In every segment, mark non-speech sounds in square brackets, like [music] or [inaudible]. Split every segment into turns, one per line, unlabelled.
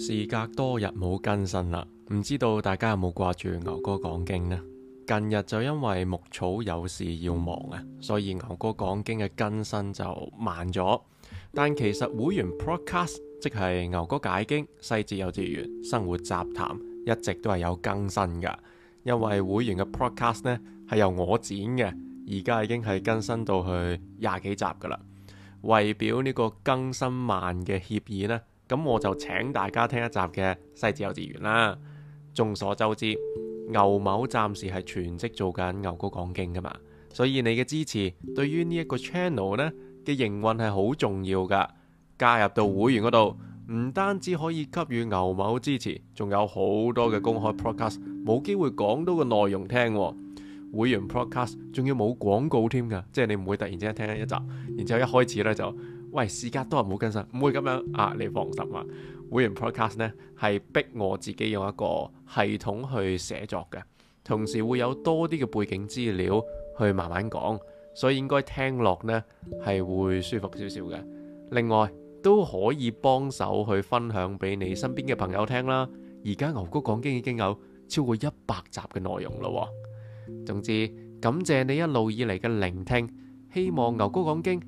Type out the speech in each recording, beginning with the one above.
事隔多日冇更新啦，唔知道大家有冇掛住牛哥講經呢？近日就因為牧草有事要忙啊，所以牛哥講經嘅更新就慢咗。但其實會員 Podcast 即係牛哥解經、西哲幼稚園、生活雜談一直都係有更新噶，因為會員嘅 Podcast 呢係由我剪嘅，而家已經係更新到去廿幾集噶啦。為表呢個更新慢嘅歉意呢？咁我就請大家聽一集嘅西哲幼稚園啦。眾所周知，牛某暫時係全職做緊牛哥講經㗎嘛，所以你嘅支持對於呢一個 channel 呢嘅營運係好重要㗎。加入到會員嗰度，唔單止可以給予牛某支持，仲有好多嘅公開 podcast 冇機會講到個內容聽、哦。會員 podcast 仲要冇廣告添㗎，即係你唔會突然之間聽一集，然之後一開始呢就。喂，時間都係唔好更新，唔會咁樣啊！你放心啊，會員 Podcast 呢係逼我自己用一個系統去寫作嘅，同時會有多啲嘅背景資料去慢慢講，所以應該聽落呢係會舒服少少嘅。另外都可以幫手去分享俾你身邊嘅朋友聽啦。而家牛哥講經已經有超過一百集嘅內容喇喎。總之感謝你一路以嚟嘅聆聽，希望牛哥講經。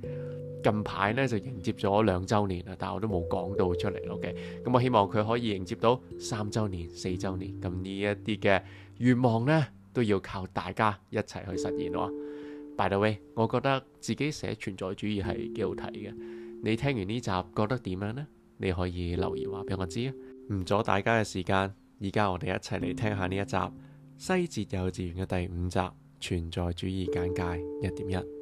近排咧就迎接咗兩週年啦，但係我都冇講到出嚟咯嘅。okay? 咁我希望佢可以迎接到三週年、四週年咁，呢一啲嘅願望呢，都要靠大家一齊去實現喎。By the way，我覺得自己寫存在主義係幾好睇嘅。你聽完呢集覺得點樣呢？你可以留言話俾我知啊。唔阻大家嘅時間，而家我哋一齊嚟聽下呢一集西哲幼稚園嘅第五集存在主義簡介一點一。 [noise]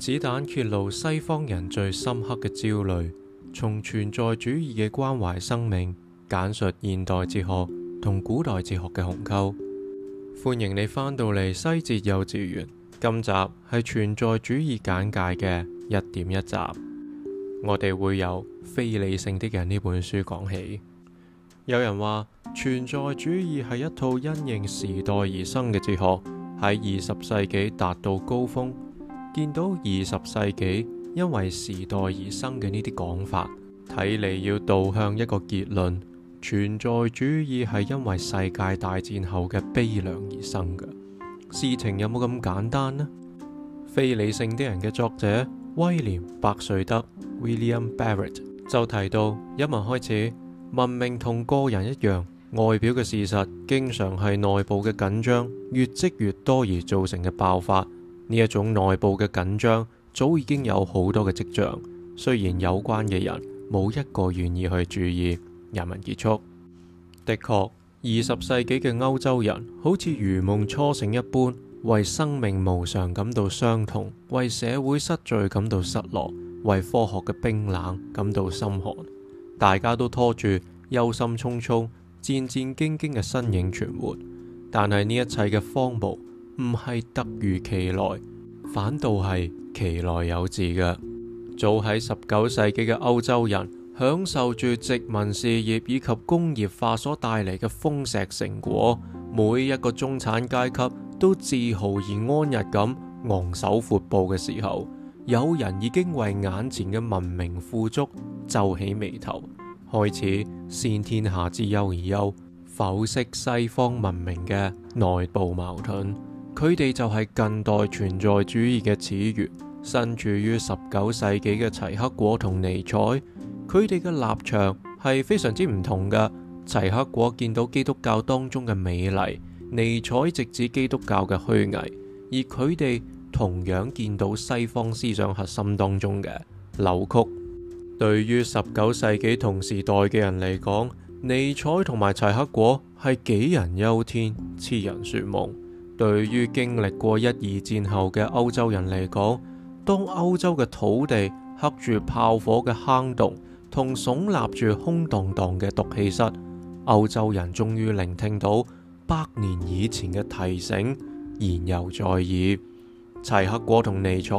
子彈揭露西方人最深刻嘅焦慮，從存在主義嘅關懷生命，簡述現代哲學同古代哲學嘅鴻溝。歡迎你返到嚟西哲幼稚園，今集係存在主義簡介嘅一點一集。我哋會由《非理性的人》呢本書講起。有人話，存在主義係一套因應時代而生嘅哲學，喺二十世紀達到高峰。見到二十世紀因為時代而生嘅呢啲講法，睇嚟要導向一個結論：存在主義係因為世界大戰後嘅悲涼而生嘅。事情有冇咁簡單呢？非理性的人嘅作者威廉·白瑞德 （William Barrett） 就提到：一文開始，文明同個人一樣，外表嘅事實經常係內部嘅緊張越積越多而造成嘅爆發。呢一種內部嘅緊張，早已經有好多嘅跡象。雖然有關嘅人冇一個願意去注意。人民結束，的確，二十世紀嘅歐洲人好似如夢初醒一般，為生命無常感到傷痛，為社會失序感到失落，為科學嘅冰冷感到心寒。大家都拖住憂心忡忡、戰戰兢兢嘅身影存活，但係呢一切嘅荒蕪，唔係突如其來，反倒係其來有自嘅。早喺十九世紀嘅歐洲人享受住殖民事業以及工業化所帶嚟嘅豐碩成果，每一個中產階級都自豪而安逸咁昂首闊步嘅時候，有人已經為眼前嘅文明富足皺起眉頭，開始先天下之憂而憂，剖析西方文明嘅內部矛盾。佢哋就係近代存在主義嘅始源，身處於十九世紀嘅齊克果同尼采，佢哋嘅立場係非常之唔同嘅。齊克果見到基督教當中嘅美麗，尼采直指基督教嘅虛偽，而佢哋同樣見到西方思想核心當中嘅扭曲。對於十九世紀同時代嘅人嚟講，尼采同埋齊克果係杞人憂天、痴人說夢。對於經歷過一、二戰後嘅歐洲人嚟講，當歐洲嘅土地刻住炮火嘅坑洞，同聳立住空蕩蕩嘅毒氣室，歐洲人終於聆聽到百年以前嘅提醒，言猶在耳。齊克果同尼采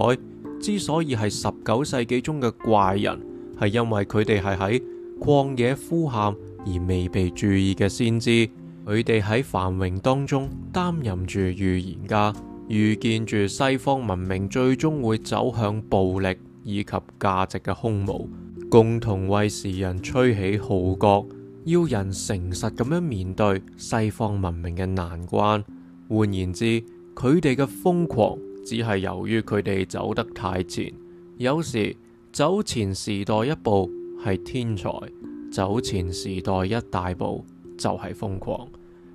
之所以係十九世紀中嘅怪人，係因為佢哋係喺曠野呼喊而未被注意嘅先知。佢哋喺繁榮當中擔任住預言家，預見住西方文明最終會走向暴力以及價值嘅空無，共同為時人吹起號角，要人誠實咁樣面對西方文明嘅難關。換言之，佢哋嘅瘋狂只係由於佢哋走得太前，有時，走前時代一步係天才，走前時代一大步，就係瘋狂。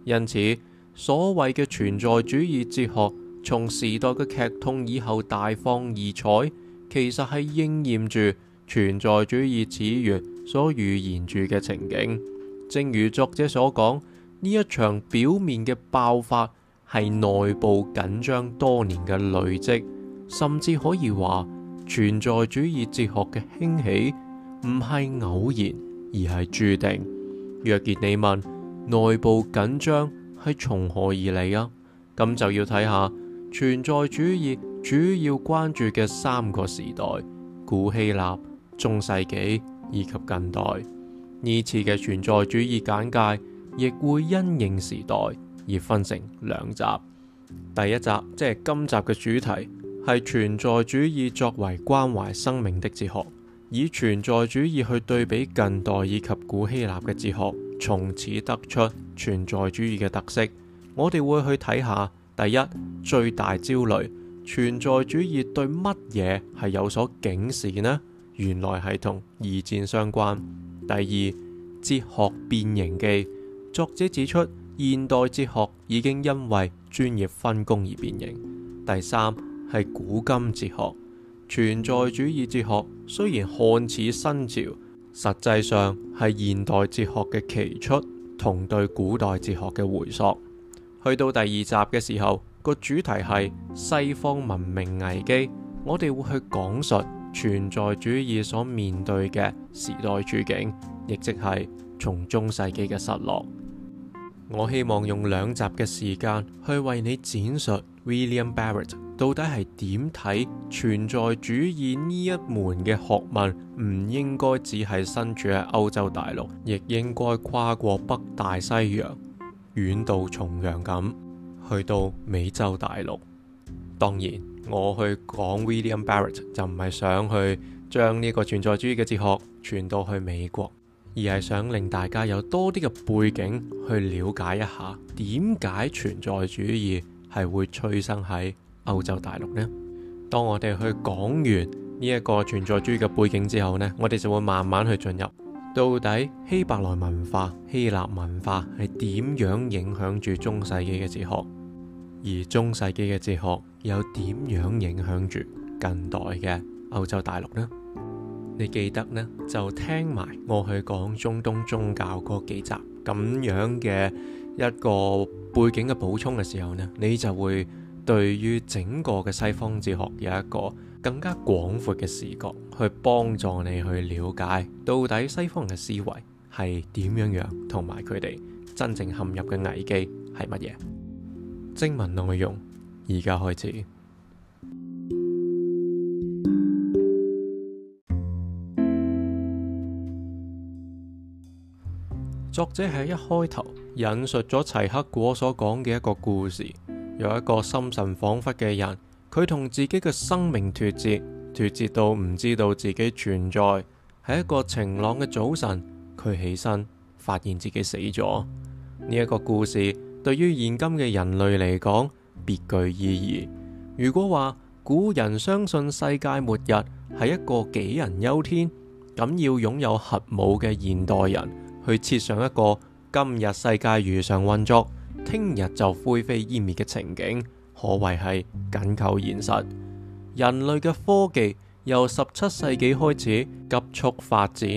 因此，所謂嘅存在主義哲學從時代嘅劇痛以後大放異彩，其實係應驗住存在主義始源所預言住嘅情景。正如作者所講，呢一場表面嘅爆發係內部緊張多年嘅累積，甚至可以話，存在主義哲學嘅興起唔係偶然，而係注定。若然你問，內部緊張係從何而嚟啊？咁就要睇下存在主義主要關注嘅三個時代：古希臘、中世紀以及近代。呢次嘅存在主義簡介亦會因應時代而分成兩集。第一集即係今集嘅主題，係存在主義作為關懷生命的哲學，以存在主義去對比近代以及古希臘嘅哲學。從此得出存在主義嘅特色，我哋會去睇下。第一，最大焦慮，存在主義對乜嘢係有所警示呢？原來係同二戰相關。第二，哲學變形記，作者指出現代哲學已經因為專業分工而變形。第三，係古今哲學，存在主義哲學雖然看似新潮。實際上係現代哲學嘅歧出同對古代哲學嘅回溯。去到第二集嘅時候，個主題係西方文明危機，我哋會去講述存在主義所面對嘅時代處境，亦即係從中世紀嘅失落。我希望用兩集嘅時間去為你展述 William Barrett。到底係點睇存在主義呢一門嘅學問？唔應該只係身處喺歐洲大陸，亦應該跨過北大西洋，遠渡重洋咁去到美洲大陸。當然，我去講 William Barrett 就唔係想去將呢個存在主義嘅哲學傳到去美國，而係想令大家有多啲嘅背景去了解一下點解存在主義係會催生喺。歐洲大陸呢，當我哋去講完呢一個存在主義嘅背景之後呢，我哋就會慢慢去進入到底希伯來文化、希臘文化係點樣影響住中世紀嘅哲學，而中世紀嘅哲學又點樣影響住近代嘅歐洲大陸呢？你記得呢，就聽埋我去講中東宗教嗰幾集咁樣嘅一個背景嘅補充嘅時候呢，你就會。對於整個嘅西方哲學有一個更加廣闊嘅視角，去幫助你去了解到底西方人嘅思維係點樣樣，同埋佢哋真正陷入嘅危機係乜嘢。正文內容，而家開始。作者喺一開頭引述咗齊克果所講嘅一個故事。有一個心神恍惚嘅人，佢同自己嘅生命脫節，脫節到唔知道自己存在。喺一個晴朗嘅早晨，佢起身發現自己死咗。呢一個故事對於現今嘅人類嚟講別具意義。如果話古人相信世界末日係一個杞人憂天，咁要擁有核武嘅現代人去設想一個今日世界如常運作，聽日就灰飛煙滅嘅情景，可謂係緊扣現實。人類嘅科技由十七世紀開始急速發展，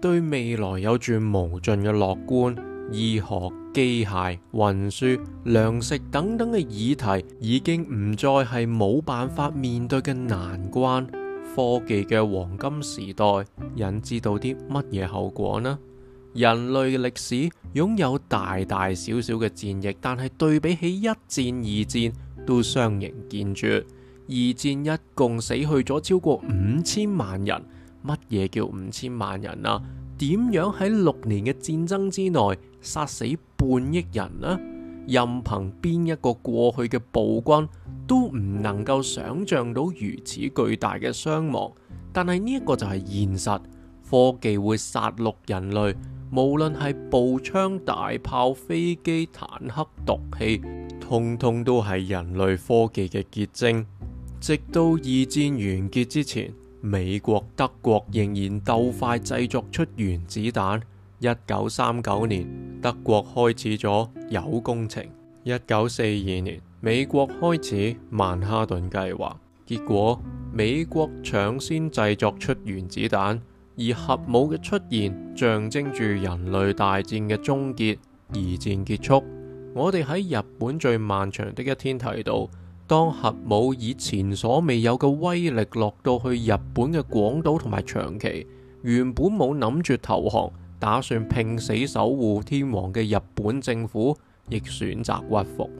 對未來有住無盡嘅樂觀、醫學、機械、運輸、糧食等等嘅議題，已經唔再係冇辦法面對嘅難關。科技嘅黃金時代，引致到啲乜嘢後果呢？人類嘅歷史擁有大大小小嘅戰役，但係對比起一戰、二戰都相形見絀。二戰一共死去咗超過五千萬人，乜嘢叫五千萬人啊？點樣喺六年嘅戰爭之內殺死半億人呢？任憑邊一個過去嘅暴君都唔能夠想象到如此巨大嘅傷亡。但係呢一個就係現實，科技會殺戮人類。無論係步槍、大炮、飛機、坦克、毒氣，通通都係人類科技嘅結晶。直到二戰完結之前，美國、德國仍然鬥快製作出原子彈。一九三九年，德國開始咗鈾工程；一九四二年，美國開始曼哈頓計劃。結果，美國搶先製作出原子彈。而核武嘅出現象徵住人類大戰嘅終結，二戰結束。我哋喺日本最漫長的一天提到，當核武以前所未有嘅威力落到去日本嘅廣島同埋長崎，原本冇諗住投降，打算拼死守護天皇嘅日本政府，亦選擇屈服。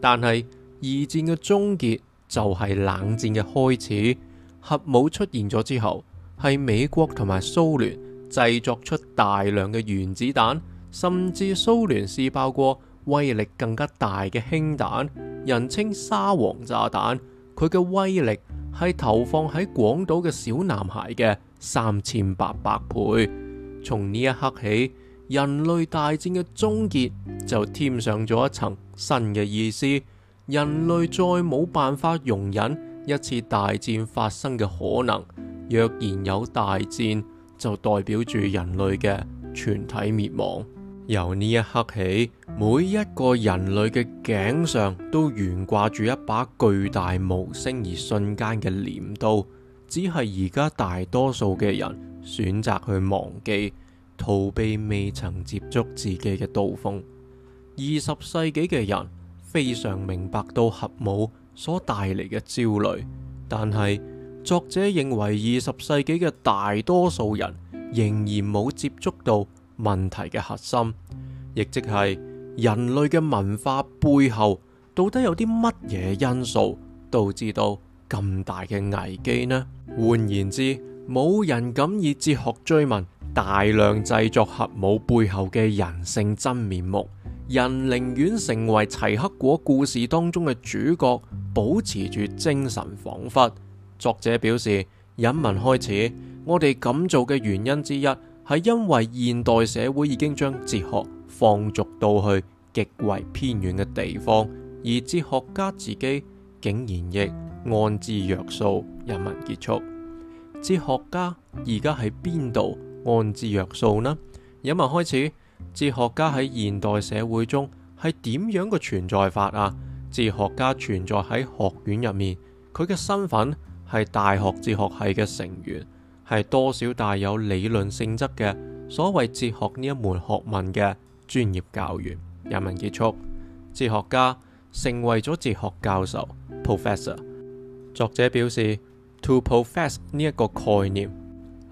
但係二戰嘅終結就係冷戰嘅開始，核武出現咗之後。係美國同埋蘇聯製作出大量嘅原子彈，甚至蘇聯試爆過威力更加大嘅氫彈，人稱沙皇炸彈。佢嘅威力係投放喺廣島嘅小男孩嘅三千八百倍。從呢一刻起，人類大戰嘅終結就添上咗一層新嘅意思。人類再冇辦法容忍一次大戰發生嘅可能。若然有大戰，就代表住人類嘅全體滅亡。由呢一刻起，每一個人類嘅頸上都懸掛住一把巨大、無聲而瞬間嘅鐮刀。只係而家大多數嘅人選擇去忘記、逃避未曾接觸自己嘅刀鋒。二十世紀嘅人非常明白到核武所帶嚟嘅焦慮，但係。作者認為二十世紀嘅大多數人仍然冇接觸到問題嘅核心，亦即係人類嘅文化背後到底有啲乜嘢因素導致到咁大嘅危機呢？換言之，冇人敢以哲學追問大量製作核武背後嘅人性真面目，人寧願成為齊克果故事當中嘅主角，保持住精神恍惚。作者表示，引文開始，我哋咁做嘅原因之一係因為現代社會已經將哲學放逐到去極為偏遠嘅地方，而哲學家自己竟然亦安之若素。引文結束，哲學家而家喺邊度安之若素呢？引文開始，哲學家喺現代社會中係點樣嘅存在法啊？哲學家存在喺學院入面，佢嘅身份。係大學哲學系嘅成員，係多少帶有理論性質嘅所謂哲學呢一門學問嘅專業教員。人民結束，哲學家成為咗哲學教授 （professor）。作者表示，to profess 呢一個概念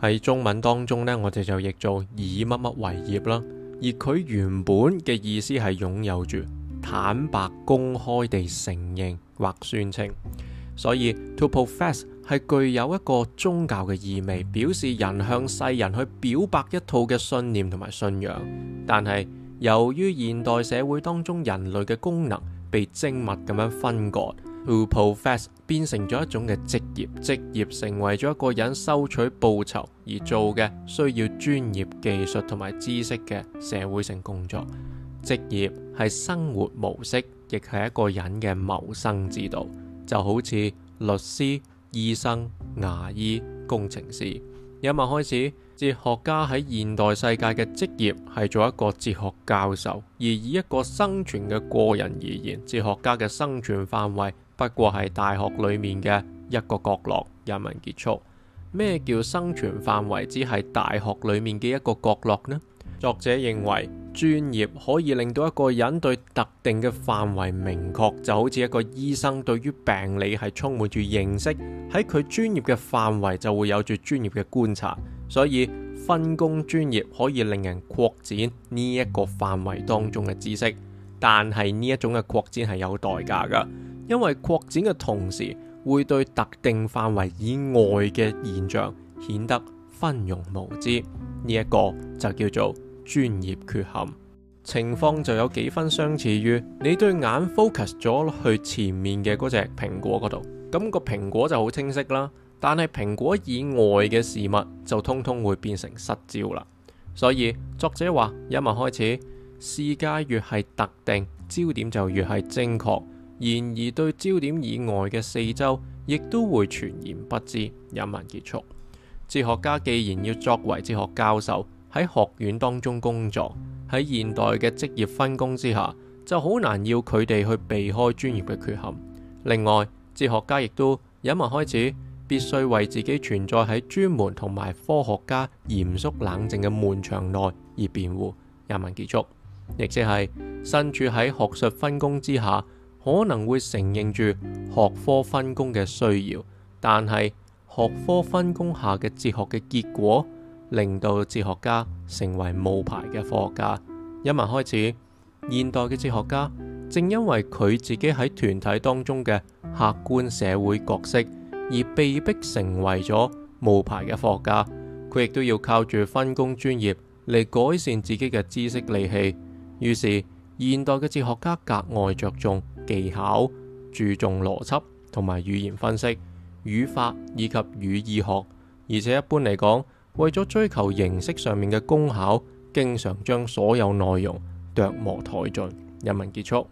喺中文當中呢，我哋就譯做以乜乜為業啦。而佢原本嘅意思係擁有住坦白、公開地承認或宣稱。所以，to profess 係具有一個宗教嘅意味，表示人向世人去表白一套嘅信念同埋信仰。但係由於現代社會當中人類嘅功能被精密咁樣分割，to profess 變成咗一種嘅職業，職業成為咗一個人收取報酬而做嘅需要專業技術同埋知識嘅社會性工作。職業係生活模式，亦係一個人嘅謀生之道。就好似律師、醫生、牙醫、工程師。引文開始，哲學家喺現代世界嘅職業係做一個哲學教授，而以一個生存嘅個人而言，哲學家嘅生存範圍不過係大學裏面嘅一個角落。引文結束，咩叫生存範圍，只係大學裏面嘅一個角落呢？作者認為。專業可以令到一個人對特定嘅範圍明確，就好似一個醫生對於病理係充滿住認識，喺佢專業嘅範圍就會有住專業嘅觀察。所以分工專業可以令人擴展呢一個範圍當中嘅知識，但係呢一種嘅擴展係有代價噶，因為擴展嘅同時會對特定範圍以外嘅現象顯得分庸無知。呢、這、一個就叫做。專業缺陷情況就有幾分相似於你對眼 focus 咗去前面嘅嗰隻蘋果嗰度，咁、個蘋果就好清晰啦，但係蘋果以外嘅事物就通通會變成失焦啦。所以作者話：引文開始，視界越係特定，焦點就越係正確；然而對焦點以外嘅四周，亦都會全然不知。引文結束，哲學家既然要作為哲學教授。喺學院當中工作，喺現代嘅職業分工之下，就好難要佢哋去避開專業嘅缺陷。另外，哲學家亦都引文開始，必須為自己存在喺專門同埋科學家嚴肅冷靜嘅門牆內而辯護。引文結束，亦即係身處喺學術分工之下，可能會承認住學科分工嘅需要，但係學科分工下嘅哲學嘅結果。令到哲學家成為冒牌嘅科學家，一文開始現代嘅哲學家正因為佢自己喺團體當中嘅客觀社會角色，而被迫成為咗冒牌嘅科學家。佢亦都要靠住分工專業嚟改善自己嘅知識利器。於是現代嘅哲學家格外着重技巧，注重邏輯同埋語言分析、語法以及語義學。而且一般嚟講，為咗追求形式上面嘅功效，經常將所有內容琢磨殆盡，引文結束。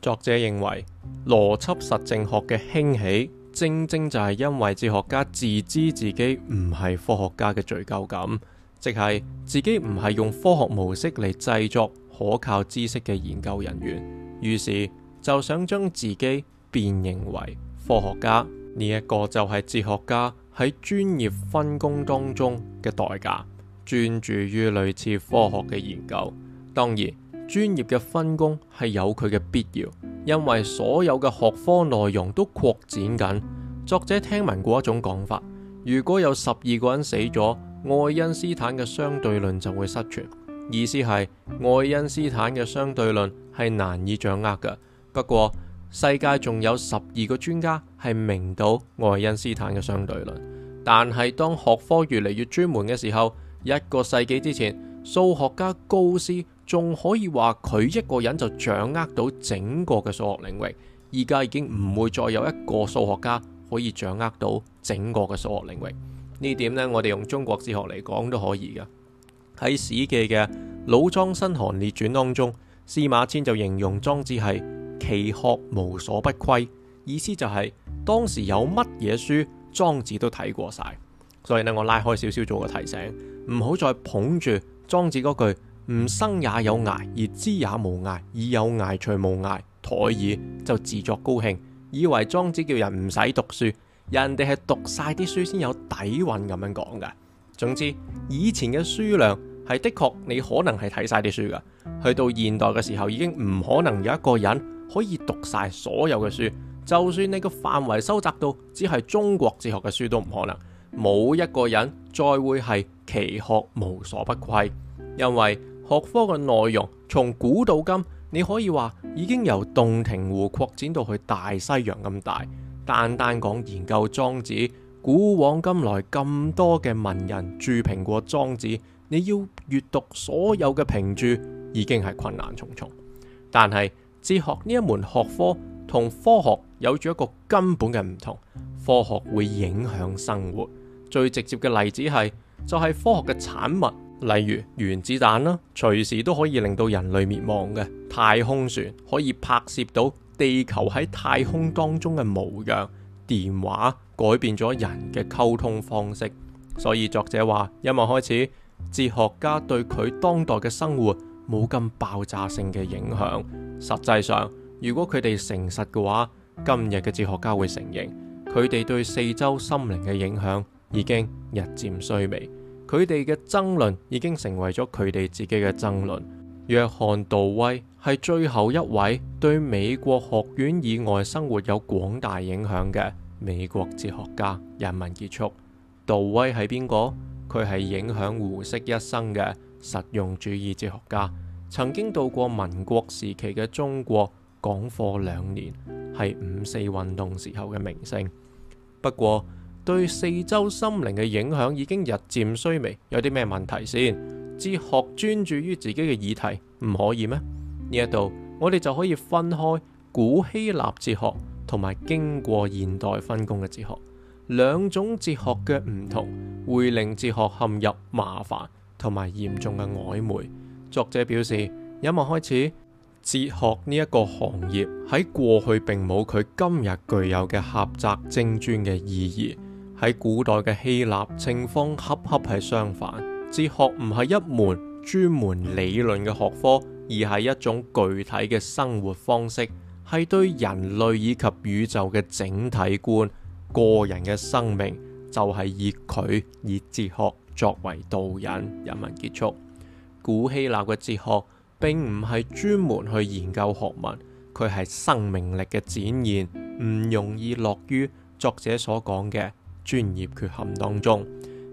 作者認為邏輯實證學嘅興起，正正就係因為哲學家自知自己唔係科學家嘅罪疚感，即係自己唔係用科學模式嚟製作可靠知識嘅研究人員，於是就想將自己變形為科學家呢一、這個就係哲學家喺專業分工當中嘅代價，專注於類似科學嘅研究。當然，專業嘅分工係有佢嘅必要，因為所有嘅學科內容都擴展緊。作者聽聞過一種講法：如果有十二個人死咗，愛因斯坦嘅相對論就會失傳。意思係愛因斯坦嘅相對論係難以掌握嘅。不過，世界仲有十二個專家係明到愛因斯坦嘅相對論。但係當學科越嚟越專門嘅時候，一個世紀之前，數學家高斯仲可以話佢一個人就掌握到整個嘅數學領域。而家已經唔會再有一個數學家可以掌握到整個嘅數學領域。呢點呢，我哋用中國哲學嚟講都可以㗎。喺《史記》嘅《老莊申韓列傳》當中，司馬遷就形容莊子係其學無所不窺，意思就係、是、當時有乜嘢書。莊子都睇過晒，所以呢，我拉開少少做個提醒，唔好再捧住莊子嗰句「吾生也有涯，而知也無涯，以有涯隨無涯，殆矣」就自作高興，以為莊子叫人唔使讀書，人哋係讀晒啲書先有底蘊咁樣講㗎。總之，以前嘅書量係的確你可能係睇晒啲書㗎，去到現代嘅時候已經唔可能有一個人可以讀晒所有嘅書。就算你個範圍收窄到只係中國哲學嘅書都唔可能，冇一個人再會係其學無所不窺，因為學科嘅內容從古到今，你可以話已經由洞庭湖擴展到去大西洋咁大。單單講研究莊子，古往今來咁多嘅文人注評過莊子，你要閱讀所有嘅評注已經係困難重重。但係哲學呢一門學科，同科學有住一個根本嘅唔同，科學會影響生活。最直接嘅例子係就係，科學嘅產物，例如原子彈啦，隨時都可以令到人類滅亡嘅。太空船可以拍攝到地球喺太空當中嘅模樣，電話改變咗人嘅溝通方式。所以作者話，因為開始哲學家對佢當代嘅生活冇咁爆炸性嘅影響，實際上。如果佢哋誠實嘅話，今日嘅哲學家會承認佢哋對四周心靈嘅影響已經日漸衰微。佢哋嘅爭論已經成為咗佢哋自己嘅爭論。約 [noise] 翰杜威係最後一位對美國學院以外生活有廣大影響嘅美國哲學家。人民結束。杜威係邊個？佢係影響胡適一生嘅實用主義哲學家，曾經到過民國時期嘅中國。講課兩年係五四運動時候嘅明星，不過對四周心靈嘅影響已經日漸衰微。有啲咩問題先？哲學專注於自己嘅議題唔可以咩？呢一度我哋就可以分開古希臘哲學同埋經過現代分工嘅哲學，兩種哲學嘅唔同，會令哲學陷入麻煩同埋嚴重嘅曖昧。作者表示，音樂開始。哲學呢一個行業喺過去並冇佢今日具有嘅狹窄精專嘅意義，喺古代嘅希臘情況恰恰係相反。哲學唔係一門專門理論嘅學科，而係一種具體嘅生活方式，係對人類以及宇宙嘅整體觀，個人嘅生命就係、是、以佢以哲學作為導引。人民結束古希臘嘅哲學，並唔係專門去研究學問，佢係生命力嘅展現，唔容易落於作者所講嘅專業缺陷當中。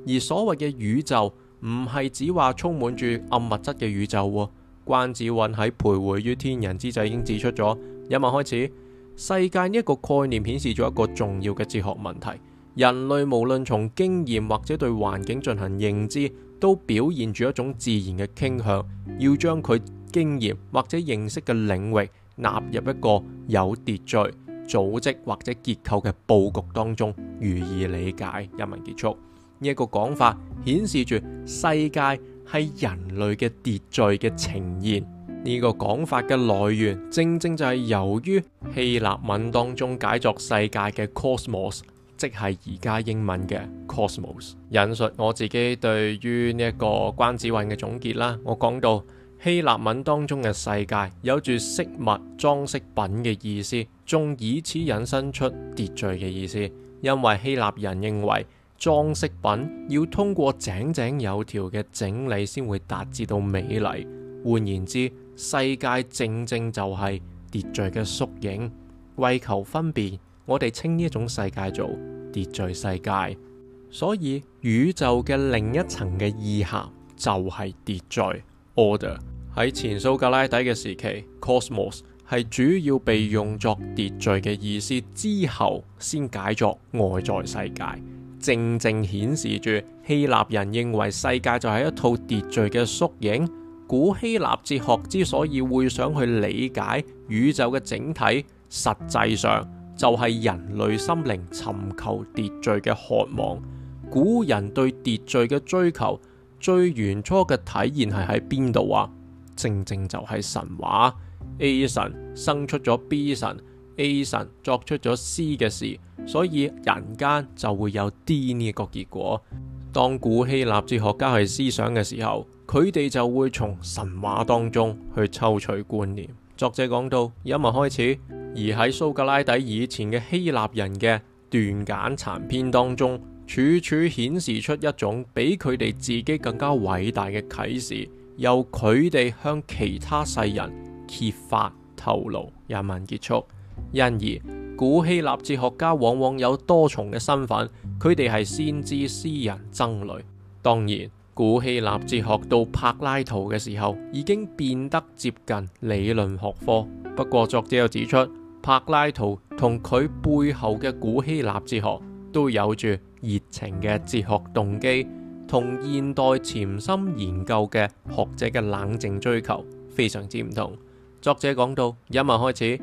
而所謂嘅宇宙，唔係只話充滿住暗物質嘅宇宙。關子尹喺徘徊於天人之際已經指出咗，一問開始，世界呢一個概念顯示咗一個重要嘅哲學問題。人類無論從經驗或者對環境進行認知，都表現住一種自然嘅傾向，要將佢。經驗或者認識嘅領域納入一個有秩序、組織或者結構嘅布局當中，如意理解。一文結束呢一、這個講法，顯示住世界係人類嘅秩序嘅呈現。呢、這個講法嘅來源正正就係由於希臘文當中解作世界嘅 cosmos，即係而家英文嘅 cosmos。引述我自己對於呢一個關子尹嘅總結啦，我講到。希臘文當中嘅世界有住飾物、裝飾品嘅意思，仲以此引申出秩序嘅意思。因為希臘人認為裝飾品要通過井井有條嘅整理先會達至到美麗。換言之，世界正正就係秩序嘅縮影。為求分辨，我哋稱呢一種世界做秩序世界。所以宇宙嘅另一層嘅意涵就係秩序 （order）。喺前蘇格拉底嘅時期，cosmos 係主要被用作秩序嘅意思，之後先解作外在世界，正正顯示住希臘人認為世界就係一套秩序嘅縮影。古希臘哲學之所以會想去理解宇宙嘅整體，實際上就係人類心靈尋求秩序嘅渴望。古人對秩序嘅追求最原初嘅體現係喺邊度啊？正正就係神話，A 神生出咗 B 神，A 神作出咗 C 嘅事，所以人間就會有 D 呢個結果。當古希臘哲學家係思想嘅時候，佢哋就會從神話當中去抽取觀念。作者講到，一文開始，而喺蘇格拉底以前嘅希臘人嘅斷簡殘篇當中，處處顯示出一種比佢哋自己更加偉大嘅啟示。由佢哋向其他世人揭發、透露人民結束，因而古希臘哲學家往往有多重嘅身份，佢哋係先知、詩人、僧侶。當然，古希臘哲學到柏拉圖嘅時候已經變得接近理論學科。不過，作者又指出，柏拉圖同佢背後嘅古希臘哲學都有住熱情嘅哲學動機。同現代潛心研究嘅學者嘅冷靜追求非常之唔同。作者講到，引文開始，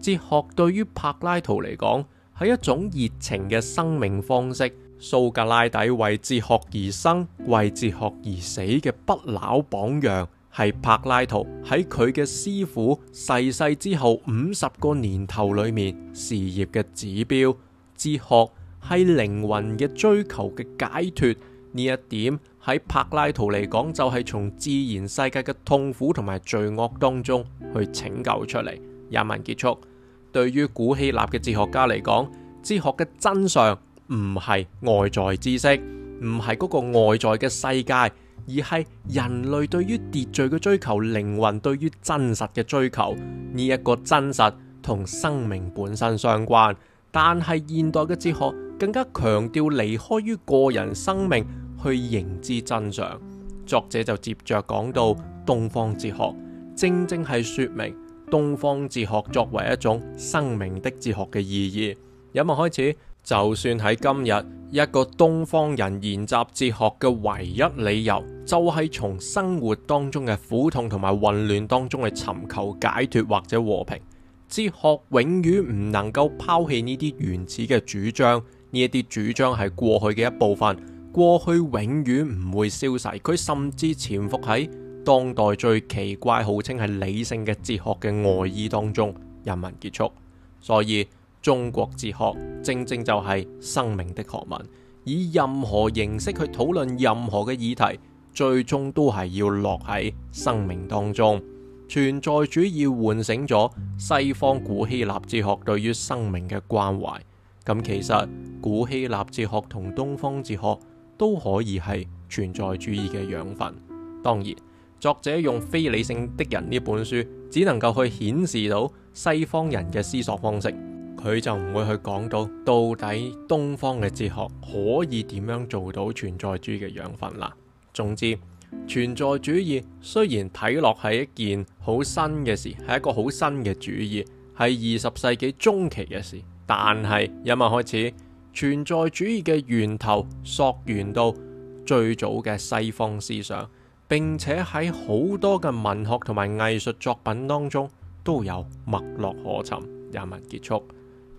哲學對於柏拉圖嚟講係一種熱情嘅生命方式。蘇格拉底為哲學而生，為哲學而死嘅不朽榜樣，係柏拉圖喺佢嘅師傅逝世之後五十個年頭裏面事業嘅指標。哲學係靈魂嘅追求嘅解脫。呢一點喺柏拉圖嚟講，就係、是、從自然世界嘅痛苦同埋罪惡當中去拯救出嚟。引文結束。對於古希臘嘅哲學家嚟講，哲學嘅真相唔係外在知識，唔係嗰個外在嘅世界，而係人類對於秩序嘅追求，靈魂對於真實嘅追求。呢、這、一個真實同生命本身相關，但係現代嘅哲學。更加強調離開於個人生命去認知真相。作者就接着講到東方哲學，正正係說明東方哲學作為一種生命的哲學嘅意義。有冇開始？就算喺今日，一個東方人研習哲學嘅唯一理由，就係、是、從生活當中嘅苦痛同埋混亂當中去尋求解脫或者和平。哲學永遠唔能夠拋棄呢啲原始嘅主張。呢一啲主張係過去嘅一部分，過去永遠唔會消逝，佢甚至潛伏喺當代最奇怪、號稱係理性嘅哲學嘅外衣當中。人民結束，所以中國哲學正正就係生命的學問，以任何形式去討論任何嘅議題，最終都係要落喺生命當中。存在主義喚醒咗西方古希臘哲學對於生命嘅關懷。咁其實古希臘哲學同東方哲學都可以係存在主義嘅養分。當然，作者用《非理性的人》呢本書，只能夠去顯示到西方人嘅思索方式，佢就唔會去講到到底東方嘅哲學可以點樣做到存在主義嘅養分啦。總之，存在主義雖然睇落係一件好新嘅事，係一個好新嘅主義，係二十世紀中期嘅事。但係，引文開始存在主義嘅源頭溯源到最早嘅西方思想，並且喺好多嘅文學同埋藝術作品當中都有脈絡可尋。引文結束，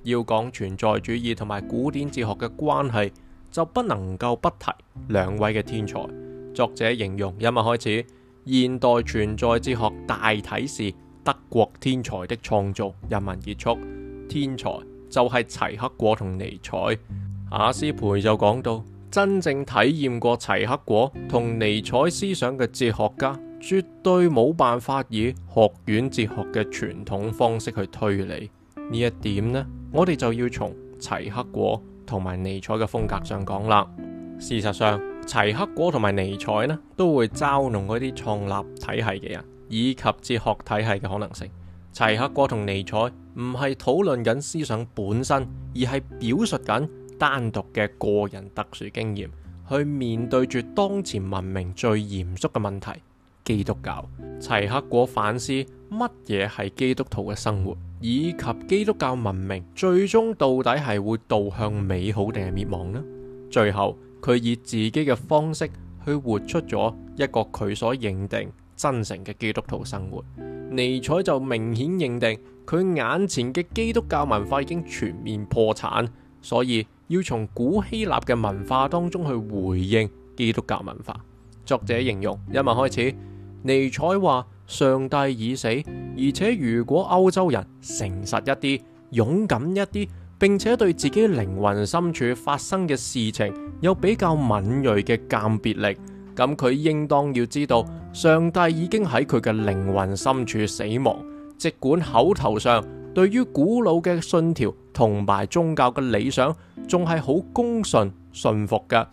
要講存在主義同埋古典哲學嘅關係，就不能夠不提兩位嘅天才。作者形容：引文開始現代存在哲學大體是德國天才的創造。引文結束，天才。就係齊克果同尼采，亞斯培就講到，真正體驗過齊克果同尼采思想嘅哲學家，絕對冇辦法以學院哲學嘅傳統方式去推理。呢一點呢，我哋就要從齊克果同埋尼采嘅風格上講啦。事實上，齊克果同埋尼采呢都會嘲弄嗰啲創立體系嘅人，以及哲學體系嘅可能性。齊克果同尼采。唔係討論緊思想本身，而係表述緊單獨嘅個人特殊經驗，去面對住當前文明最嚴肅嘅問題。基督教齊克果反思乜嘢係基督徒嘅生活，以及基督教文明最終到底係會導向美好定係滅亡呢？最後，佢以自己嘅方式去活出咗一個佢所認定真誠嘅基督徒生活。尼采就明顯認定佢眼前嘅基督教文化已經全面破產，所以要從古希臘嘅文化當中去回應基督教文化。作者形容，一文開始，尼采話上帝已死，而且如果歐洲人誠實一啲、勇敢一啲，並且對自己靈魂深處發生嘅事情有比較敏銳嘅鑒別力，咁佢應當要知道。上帝已經喺佢嘅靈魂深處死亡，儘管口頭上對於古老嘅信條同埋宗教嘅理想仲係好恭順順服嘅，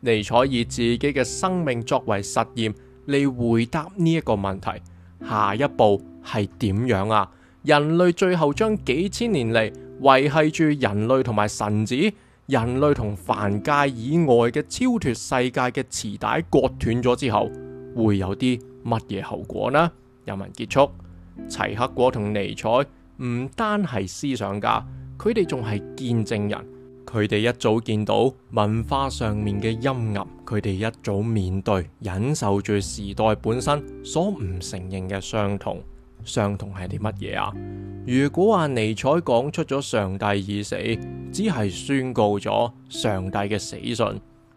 尼采以自己嘅生命作為實驗嚟回答呢一個問題。下一步係點樣啊？人類最後將幾千年嚟維繫住人類同埋神子、人類同凡界以外嘅超脫世界嘅臍帶割斷咗之後。會有啲乜嘢後果呢？有文結束，齊克果同尼采唔單係思想家，佢哋仲係見證人，佢哋一早見到文化上面嘅陰暗，佢哋一早面對忍受住時代本身所唔承認嘅傷痛。傷痛係啲乜嘢啊？如果話尼采講出咗上帝已死，只係宣告咗上帝嘅死訊，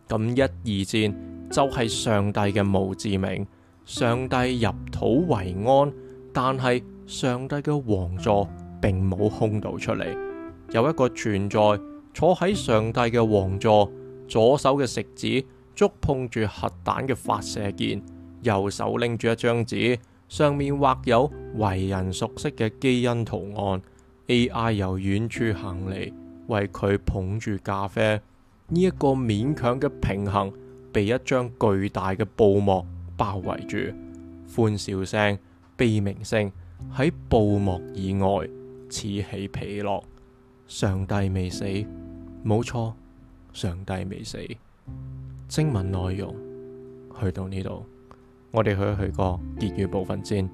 咁一二戰。就係上帝嘅墓誌銘，上帝入土為安，但係上帝嘅王座並冇空到出嚟，有一個存在坐喺上帝嘅王座，左手嘅食指觸碰住核彈嘅發射鍵，右手拎住一張紙，上面畫有為人熟悉嘅基因圖案。AI 由遠處行嚟，為佢捧住咖啡，呢、這、一個勉強嘅平衡。被一張巨大嘅布幕包圍住，歡笑聲、悲鳴聲喺布幕以外此起彼落。上帝未死，冇錯，上帝未死。精文內容去到呢度，我哋去一去個結語部分先。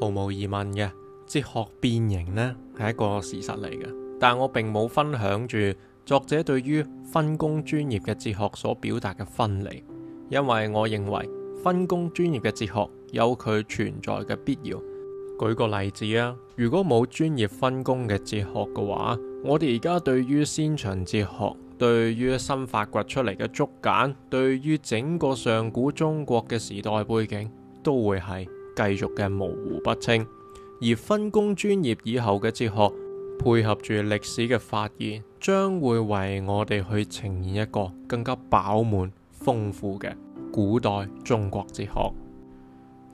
毫無疑問嘅，哲學變形呢係一個事實嚟嘅。但我並冇分享住作者對於分工專業嘅哲學所表達嘅分離，因為我認為分工專業嘅哲學有佢存在嘅必要。舉個例子啊，如果冇專業分工嘅哲學嘅話，我哋而家對於先秦哲學、對於新發掘出嚟嘅竹簡、對於整個上古中國嘅時代背景，都會係。繼續嘅模糊不清，而分工專業以後嘅哲學配合住歷史嘅發現，將會為我哋去呈現一個更加飽滿豐富嘅古代中國哲學。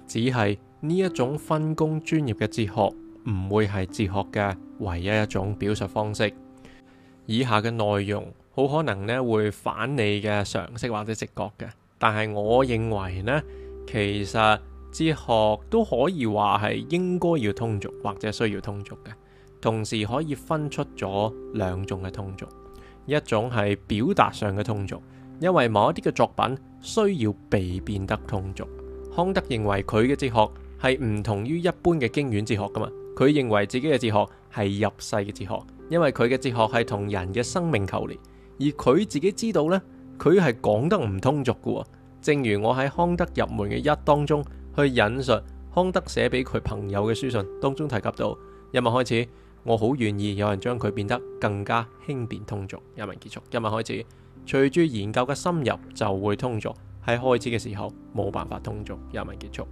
只係呢一種分工專業嘅哲學唔會係哲學嘅唯一一種表述方式。以下嘅內容好可能呢會反你嘅常識或者直覺嘅，但係我認為呢其實。哲學都可以話係應該要通俗或者需要通俗嘅，同時可以分出咗兩種嘅通俗，一種係表達上嘅通俗，因為某一啲嘅作品需要被變得通俗。康德認為佢嘅哲學係唔同於一般嘅經院哲學噶嘛，佢認為自己嘅哲學係入世嘅哲學，因為佢嘅哲學係同人嘅生命求離，而佢自己知道呢，佢係講得唔通俗嘅。正如我喺康德入門嘅一當中。去引述康德寫俾佢朋友嘅書信當中提及到：引文開始，我好願意有人將佢變得更加輕便通俗；引文結束，引文開始，隨住研究嘅深入就會通俗；喺開始嘅時候冇辦法通俗；引文結束，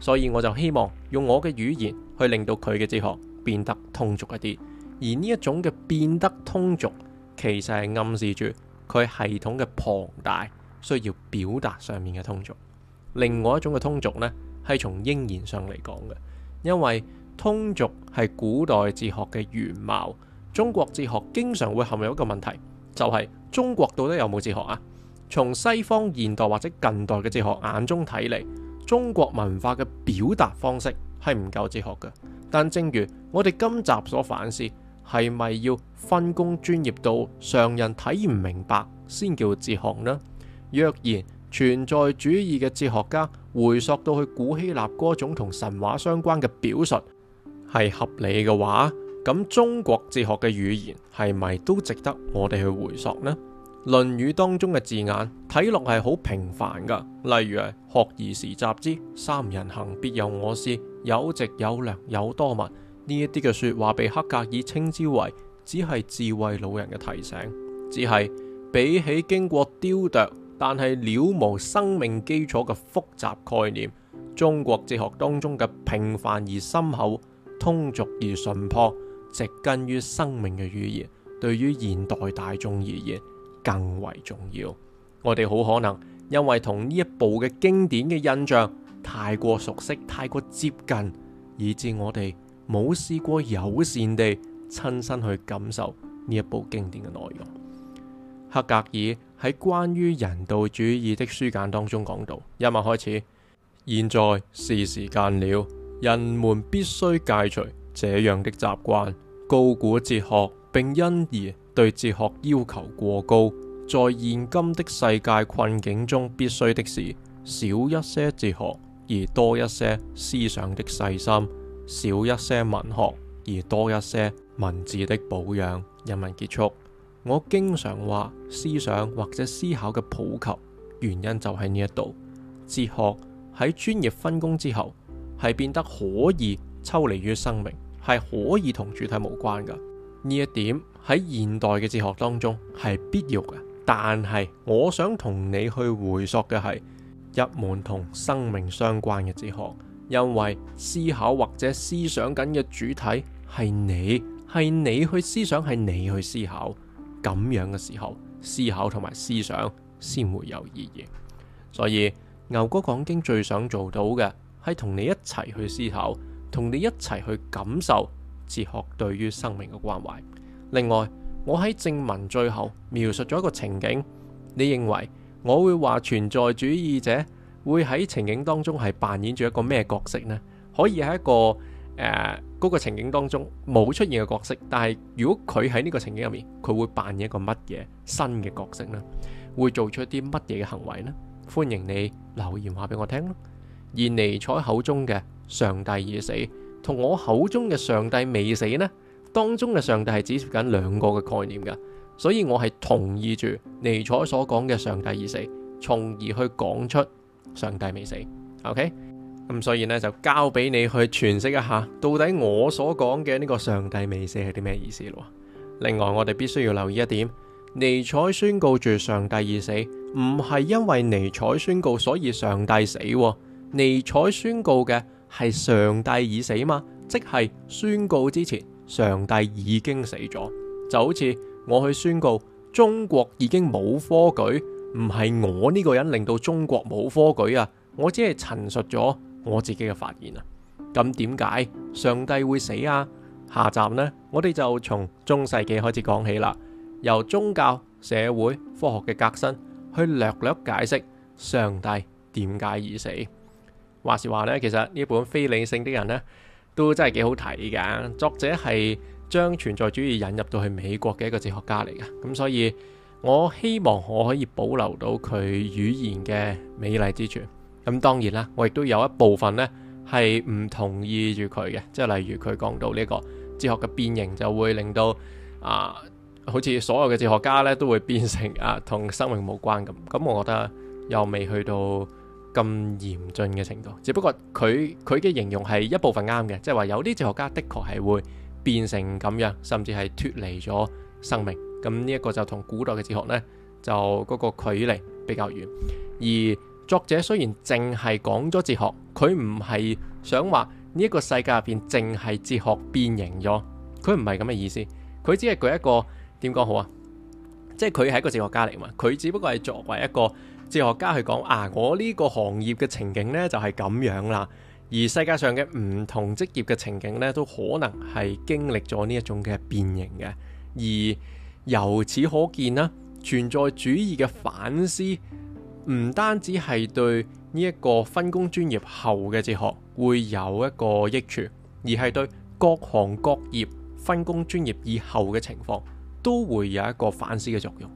所以我就希望用我嘅語言去令到佢嘅哲學變得通俗一啲。而呢一種嘅變得通俗，其實係暗示住佢系統嘅龐大需要表達上面嘅通俗。另外一種嘅通俗呢，係從應然上嚟講嘅，因為通俗係古代哲學嘅原貌。中國哲學經常會陷入一個問題，就係中國到底有冇哲學啊？從西方現代或者近代嘅哲學眼中睇嚟，中國文化嘅表達方式係唔夠哲學嘅。但正如我哋今集所反思，係咪要分工專業到常人睇唔明白先叫哲學呢？若然，存在主義嘅哲學家回溯到去古希臘嗰種同神話相關嘅表述係合理嘅話，咁中國哲學嘅語言係咪都值得我哋去回溯呢？《論語》當中嘅字眼睇落係好平凡噶，例如學而時習之，三人行必有我師，友直友諒友多聞呢一啲嘅說話，被黑格爾稱之為只係智慧老人嘅提醒，只係比起經過雕琢。但係了無生命基礎嘅複雜概念，中國哲學當中嘅平凡而深厚、通俗而淳樸，植根於生命嘅語言，對於現代大眾而言更為重要。我哋好可能因為同呢一部嘅經典嘅印象太過熟悉、太過接近，以致我哋冇試過友善地親身去感受呢一部經典嘅內容。黑格爾喺關於人道主義的書簡當中講到，一文開始。現在是時間了，人們必須戒除這樣的習慣，高估哲學並因而對哲學要求過高，在現今的世界困境中必須的是少一些哲學而多一些思想的細心，少一些文學而多一些文字的保養。一文結束。我經常話思想或者思考嘅普及原因就係呢一度。哲學喺專業分工之後係變得可以抽離於生命，係可以同主體無關嘅。呢一點喺現代嘅哲學當中係必要嘅。但係我想同你去回溯嘅係入門同生命相關嘅哲學，因為思考或者思想緊嘅主體係你，係你去思想，係你去思考。咁樣嘅時候，思考同埋思想先會有意義。所以牛哥講經最想做到嘅係同你一齊去思考，同你一齊去感受哲學對於生命嘅關懷。另外，我喺正文最後描述咗一個情景，你認為我會話存在主義者會喺情景當中係扮演住一個咩角色呢？可以係一個誒？Uh, 嗰個情景當中冇出現嘅角色，但係如果佢喺呢個情景入面，佢會扮演一個乜嘢新嘅角色呢？會做出一啲乜嘢嘅行為呢？歡迎你留言話俾我聽咯。而尼采口中嘅上帝已死，同我口中嘅上帝未死呢，當中嘅上帝係指涉緊兩個嘅概念㗎，所以我係同意住尼采所講嘅上帝已死，從而去講出上帝未死。OK。咁，嗯，所以呢，就交俾你去詮釋一下，到底我所講嘅呢個上帝未死係啲咩意思咯？另外，我哋必須要留意一點：尼采宣告住上帝已死，唔係因為尼采宣告，所以上帝死哦。尼采宣告嘅係上帝已死嘛，即係宣告之前，上帝已經死咗。就好似我去宣告中國已經冇科舉，唔係我呢個人令到中國冇科舉啊，我只係陳述咗。我自己嘅發現啊，咁點解上帝會死啊？下集呢，我哋就從中世紀開始講起啦，由宗教、社會、科學嘅革新去略略解釋上帝點解已死。話時話呢，其實呢本《非理性的人》呢，都真係幾好睇㗎，作者係將存在主義引入到去美國嘅一個哲學家嚟嘅，咁所以我希望我可以保留到佢語言嘅美麗之處。咁當然啦，我亦都有一部分呢係唔同意住佢嘅，即係例如佢講到呢個哲學嘅變形就會令到啊，好似所有嘅哲學家呢都會變成啊同生命無關咁。咁我覺得又未去到咁嚴峻嘅程度，只不過佢佢嘅形容係一部分啱嘅，即係話有啲哲學家的確係會變成咁樣，甚至係脫離咗生命。咁呢一個就同古代嘅哲學呢就嗰個距離比較遠，而作者雖然淨係講咗哲學，佢唔係想話呢一個世界入邊淨係哲學變形咗，佢唔係咁嘅意思。佢只係舉一個點講好啊？即係佢係一個哲學家嚟嘛，佢只不過係作為一個哲學家去講啊，我呢個行業嘅情景呢就係咁樣啦，而世界上嘅唔同職業嘅情景呢，都可能係經歷咗呢一種嘅變形嘅，而由此可見啦，存在主義嘅反思。唔單止係對呢一個分工專業後嘅哲學會有一個益處，而係對各行各業分工專業以後嘅情況都會有一個反思嘅作用。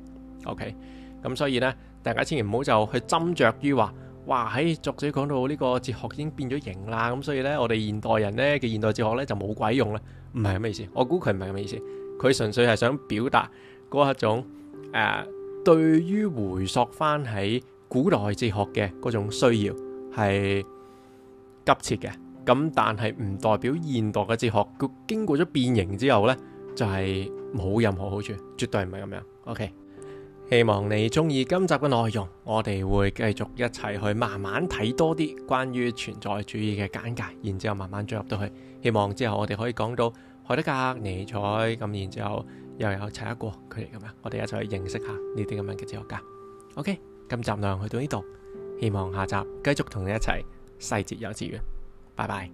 OK，咁所以呢，大家千祈唔好就去斟酌於話，哇喺、哎、作者講到呢個哲學已經變咗形啦，咁所以呢，我哋現代人呢嘅現代哲學呢，就冇鬼用啦。唔係咁嘅意思。我估佢唔係咁嘅意思，佢純粹係想表達嗰一種誒、呃，對於回溯翻喺。古代哲學嘅嗰種需要係急切嘅，咁但係唔代表現代嘅哲學佢經過咗變形之後呢，就係、是、冇任何好處，絕對唔係咁樣。OK，希望你中意今集嘅內容，我哋會繼續一齊去慢慢睇多啲關於存在主義嘅簡介，然之後慢慢進入到去。希望之後我哋可以講到海德格、尼采，咁然之後，後又有齊克果佢哋咁樣，我哋一齊去認識下呢啲咁樣嘅哲學家。OK。今集內容去到呢度，希望下集繼續同你一齊細嚼有字嘅，拜拜。